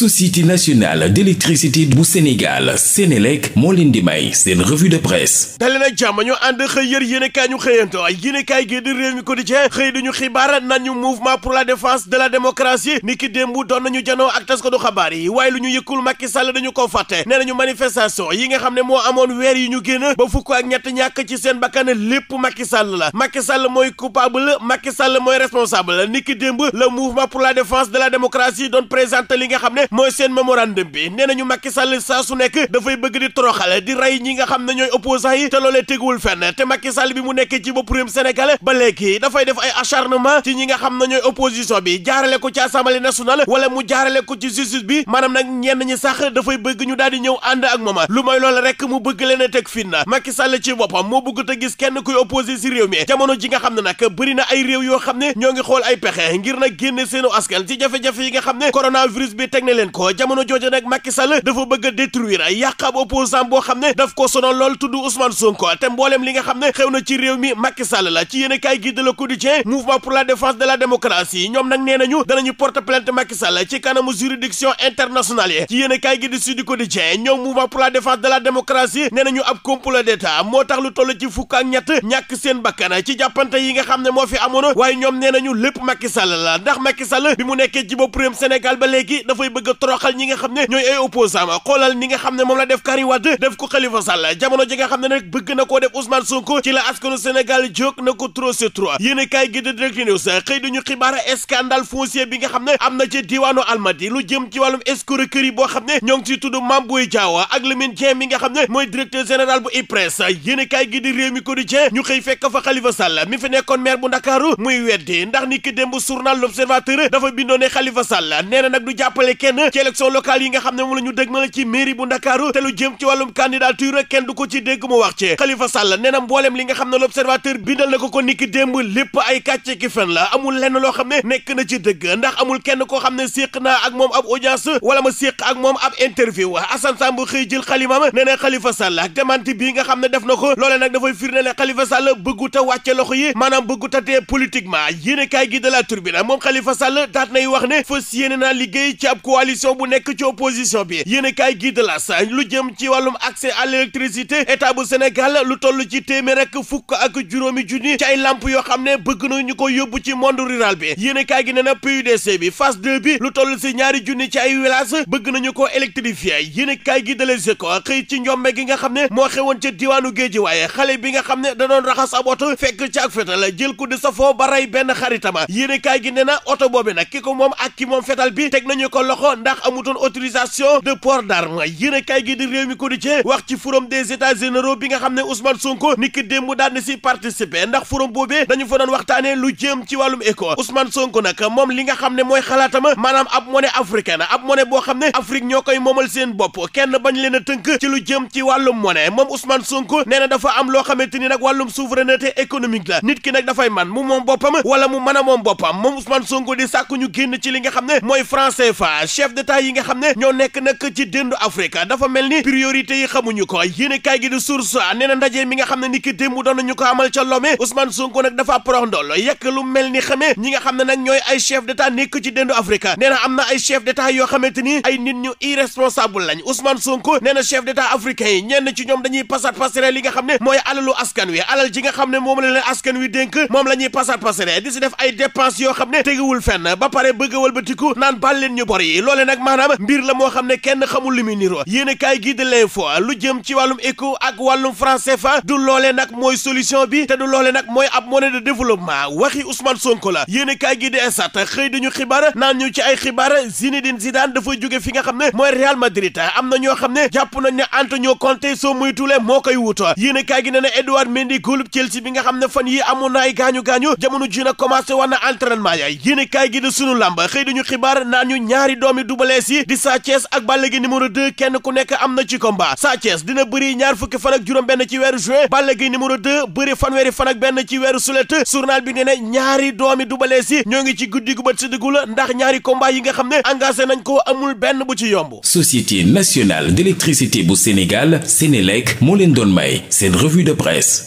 société nationale d'électricité bu Sénégal Sénélec moo leen di may seen revue de presse dali nag ñu ànd xëy yër yéenekaay ñu xëyanto yéenekaay gi di Rewmi xëy duñu xibaar naan mouvement pour la défense de la démocratie ni démb doon nañu janoo ak tas ko du xabaar yi waaye lu ñu yëkkul Macky dañu ko fàtte nee nañu manifestation yi nga xam ne moo amoon weer yi ñu génn ba fukk ak ñett ñàkk ci seen bakkan lépp Macky la Macky Sall mooy seen mémorandum bi nee nañu Macky Sall saa su nekk dafay bëgg di toroxal di rey ñi nga xam ne ñooy opposants yi te loolee teguwul fenn te Macky Sall bi mu nekkee ci bopp réewum Sénégal ba léegi dafay def ay acharnement ci ñi nga xam ne ñooy opposition bi jaarale ko ci assemblée nationale wala mu jaarale ko ci justice bi maanaam nag ñenn ñi sax dafay bëgg ñu daal ñëw ànd ak mooma lu may loole rek mu bëgg leen a teg fin na Sall ci boppam moo bëgg te gis kenn kuy opposé si réew mi jamono xam ne nag bëri na ay réew yoo xam ne ñoo ngi xool ay pexe ngir nag génne seenu askan ci jafe-jafe yi nga xam ne coronavirus bi leen ko jamono jooju nag Macky dafa bëgg a détruire yàq boo xam ne daf ko sonal lool tudd Ousmane Sonko te mboolem li nga xam ne xew na ci réew mi Macky la ci yéen a kaay gi de Le Quotidien mouvement pour la défense de la démocratie ñoom nag nee nañu danañu porte plainte Macky Sall ci kanamu juridiction internationale yi ci yéen a kaay gi di Sud Quotidien ñoom mouvement pour la défense de la démocratie nee nañu ab complot d'état moo tax lu toll bëgg a toroxal ñi nga xam ne ñooy ay xoolal ni nga xam ne moom la def Karim Wade def ko Khalifa Sall jamono ji nga xam ne bëgg na koo def Ousmane Sonko ci la askanu Sénégal jóg na ko trop c'est trop yéen a kaay gi di Direct News xëy duñu xibaar scandale foncier bi nga xam ne am na ci diwaanu Almadi lu jëm ci wàllum escroquerie boo xam ne ñoo ngi ciy tudd Mame Boye Diao ak Lamine mi nga xam ne mooy directeur général bu IPRES yéen gi di Rewmi Quotidien ñu xëy fekk fa Khalifa Sall mi fi nekkoon maire bu Ndakaaru muy weddi ndax ni ki démb journal L'Observateur dafa bindoo ne Khalifa Sall nee na nag du jàppale kenn ci élection locale yi nga xam ne moom la ñu dëgmal ci mairie bu Ndakaaru te lu jëm ci wàllum candidature kenn du ko ci dégg mu wax ci Khalifa Sall nee mbooleem li nga xam ne l'observateur bindal na ko ko niki démb lépp ay kàcce fen la amul lenn loo xam ne nekk na ci dëgg ndax amul kenn koo xam ne séq naa ak moom ab audience wala ma séq ak moom ab interview Assane Samb xëy jël xalimaam nee na Khalifa Sall ak demanti nga xam ne def na ko loole a a coalition bu nekk ci opposition bi yéen kaay gi de las lu jëm ci wàllum accès à l'électricité état bu Sénégal lu toll ci téeméer rek fukk ak juróomi junni ci ay lamp yoo xam ne bëgg nañu ko yóbbu ci monde rural bi yéen kaay gi nee na PUDC bi phase 2 bi lu toll si ñaari junni ci ay village bëgg nañu ko électrifier yéen kaay gi de Les Échos xëy ci njombe gi nga xam ne moo xewoon ca diwaanu géej waaye xale bi nga xam ne da doon raxas ab oto fekk ci ak fetal jël ko di safoo ba rey benn xaritama yéen kaay gi na oto boobi nag ki ko moom ak ki moom fetal bi teg nañu ko loxo ko ndax amutoon autorisation de port d'arme yéenekaay gi di réew mi quotidien wax ci furam de états généraux bi nga xam ne Ousmane Sonko ni ki démb daan si participer ndax forum boobee dañu fa doon waxtaanee lu jëm ci wàllum éco Ousmane sonk nag moom li nga xam ne mooy xalaatama maanaam ab monnaie africaine ab monnaie boo xam ne Afrique ñoo koy moomal seen bopp kenn bañ leen a tënk ci lu jëm ci wàllum monnaie moom Ousmane Sonko nee na dafa am loo xamante ni nag wàllum souveraineté économique nit ki nag dafay man mu moom boppam wala mu mën a moom boppam moom Ousmane Sonko di sàkku ñu génn ci li nga xam ne mooy franc CFA chef d'état yi nga xam ne ñoo nekk nag ci déndu Afrique dafa mel ni priorité yi xamuñu ko yéen kaay gi di source nee na ndaje mi nga xam ne ni ki démb doon nañu ko amal ca Lomé Ousmane Sonko nag dafa porox ndool yekk lu mel ni xamee ñi nga xam ne nag ñooy ay chef d'état nekk ci déndu Afrique nee na am na ay chef d'état yoo xamante ni ay nit ñu irresponsable lañ Ousmane Sonko nee na chef d'état africain yi ñenn ci ñoom dañuy pasar pasare li nga xam ne mooy alalu xam ne moom la leen askan wi dénk yoo xam ne teguwul fenn ba pare bëgg wëlbatiku naan bal leen loole nag maanaam mbir la moo xam ne kenn xamul lu mu niroo yéen a kaay gi de l'info lu jëm ci wàllum éco ak wàllum franc fa du loole nag mooy solution bi te du loole nag mooy ab monnaie de développement waxi Ousmane Sonko la yéen a kaay gi de esat xëy dañu xibaar naa ñu ci ay xibaar Zinedine Zidane dafa jóge fi nga xam ne mooy Real Madrid am na ñoo xam ne jàpp nañ ne Antonio Conte soo muy tuule moo koy wuto yéen a kaay gi ne na Edouard Mendy gólub Chelsea bi nga xam ne fan yi amoon na gaañu-gaañu jamono ji na commencé war na entraînement a kaay gi de sunu làmb xëy dañu xibaar naan ñu ñaari doomi doomi Double Less yi di Sa Thiès ak Balla Gaye numéro 2 kenn ku nekk am na ci combat Sa dina bëri ñaar fukki fan ak juróom benn ci weeru juin Balla Gaye numéro 2 bëri fanweeri fan ak benn ci weeru sulet journal bi nee na ñaari doomi Double Less yi ñoo ngi ci guddi gu bët si diggu ndax ñaari combat yi nga xam ne engagé nañ ko amul benn bu ci yomb Société nationale d'électricité bu Sénégal Sénélec moo leen doon may seen revue de presse